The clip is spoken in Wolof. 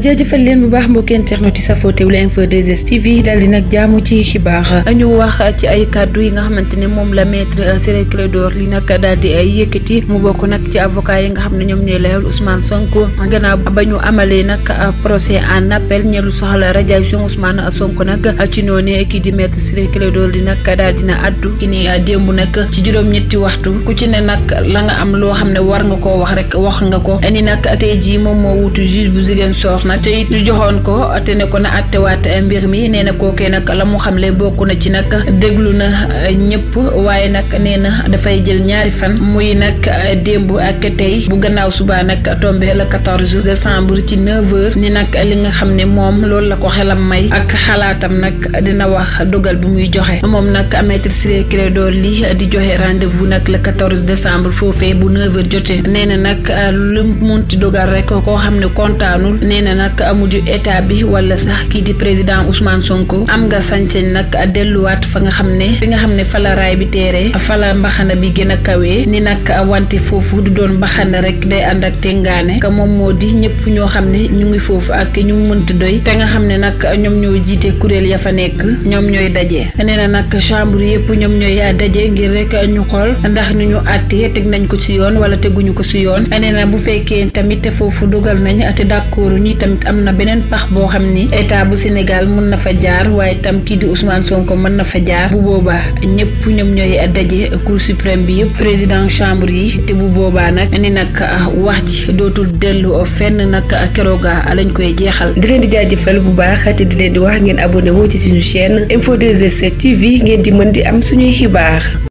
jaajëfal leen bu baax mbokki internet yi safoo teewlu info 2S TV daal di nag jaamu ci xibaar ñu wax ci ay kàddu yi nga xamante ne moom la maître Ciré door Ly nag daal di yëkkati mu bokk nag ci avocat yi nga xam ne ñoom ñooy layal Ousmane Sonko gannaaw ba ñu amalee nag procès en appel ñeelu soxla radiation Ousmane Sonko nag ci noonu kii di maître Ciré Clédor Ly nag daal dina addu ki ni démb nag ci juróom-ñetti waxtu ku ci ne nag la nga am loo xam ne war nga koo wax rek wax nga ko ni nag tey jii moom moo wutu juge bu Ziguinchor soxna te it joxoon ko te ne ko na attewaat mbir mi nee na kookee nag la mu xamle bokk na ci nag déglu na ñëpp waaye nag nee na dafay jël ñaari fan muy nag démb ak tey bu gannaaw subaa nag tombé le 14 décembre ci 9h ni nag li nga xam ne moom loolu la ko xelam may ak xalaatam nag dina wax dogal bi muy joxe moom nag maître Ciré Clédor Ly di joxe rendez-vous nag le 14 décembre foofee bu 9h jotee nee na nag lu munti dogal rek koo xam ne kontaanul nee na nag mujj état bi wala sax kii di président Ousmane Sonko am nga sañ-sañ nag delluwaat fa nga xam ne fi nga xam ne fala raay bi teeree fala mbaxana bi gën a kawee ni nag wante foofu du doon mbaxana rek day ànd ak tengaane que moom moo di ñëpp ñoo xam ne ñu ngi foofu ak ñu mënta doy te nga xam ne nag ñoom ñoo jiite kuréel ya fa nekk ñoom ñooy daje nee na nag chambre yëpp ñoom ñooy daje ngir rek ñu xool ndax ni ñu àttee teg nañ ko ci yoon wala teguñu ko ci yoon nee na bu tamit foofu dogal nañ bi tamit am na beneen pax boo xam ni état bu Sénégal mën na fa jaar waaye tam kii di Ousmane Sonko mën na fa jaar bu boobaa ñëpp ñoom ñooy daje cour suprême bi yëpp président chambre yi te bu boobaa nag ni nag ah, wax ji dootul dellu fenn nag ah, kerooga ah, lañu koy jeexal. di leen di jaajëfal bu baax te di leen di wax ngeen abonné woo ci suñu chaîne Info 2S TV ngeen di mën di am suñuy xibaar.